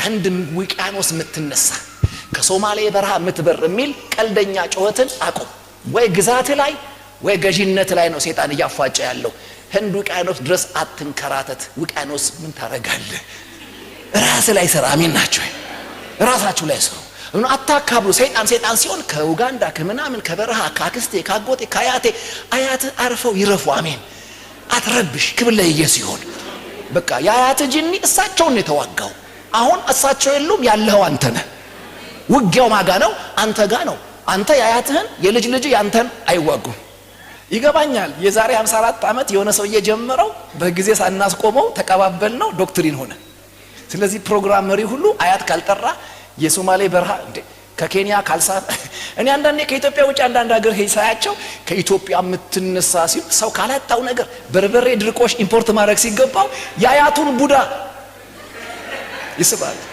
ከህንድ ውቅያኖስ የምትነሳ ከሶማሌ በረሃ የምትበር የሚል ቀልደኛ ጩኸትን አቁም። ወይ ግዛት ላይ ወይ ገዢነት ላይ ነው ሴጣን እያፏጨ ያለው። ህንድ ውቅያኖስ ድረስ አትንከራተት። ውቅያኖስ ምን ታረጋለህ? ራስ ላይ ስራ። አሚን ናቸው። ራሳችሁ ላይ ስሩ። አታካብሉ። ሰይጣን ሰይጣን ሲሆን ከኡጋንዳ ከምናምን ከበረሃ ከአክስቴ ከአጎቴ ከአያቴ አያት አርፈው ይረፉ። አሜን። አትረብሽ። ክብር ለኢየሱስ ይሁን። በቃ የአያት ጅኒ እሳቸውን የተዋጋው። አሁን እሳቸው የሉም፣ ያለው አንተ ነህ። ውጊያው ማጋ ነው? አንተ ጋ ነው። አንተ የአያትህን የልጅ ልጅ ያንተን አይዋጉም። ይገባኛል። የዛሬ 54 ዓመት የሆነ ሰው እየጀመረው በጊዜ ሳናስቆመው ተቀባበል ነው ዶክትሪን ሆነ። ስለዚህ ፕሮግራም መሪ ሁሉ አያት ካልጠራ የሶማሌ በረሃ እንዴ ከኬንያ ካልሳ እኔ አንዳንዴ ከኢትዮጵያ ውጭ አንዳንድ ሀገር ሄ ሳያቸው ከኢትዮጵያ የምትነሳ ሲሉ ሰው ካላጣው ነገር በርበሬ ድርቆሽ ኢምፖርት ማድረግ ሲገባው የአያቱን ቡዳ Isso é vale.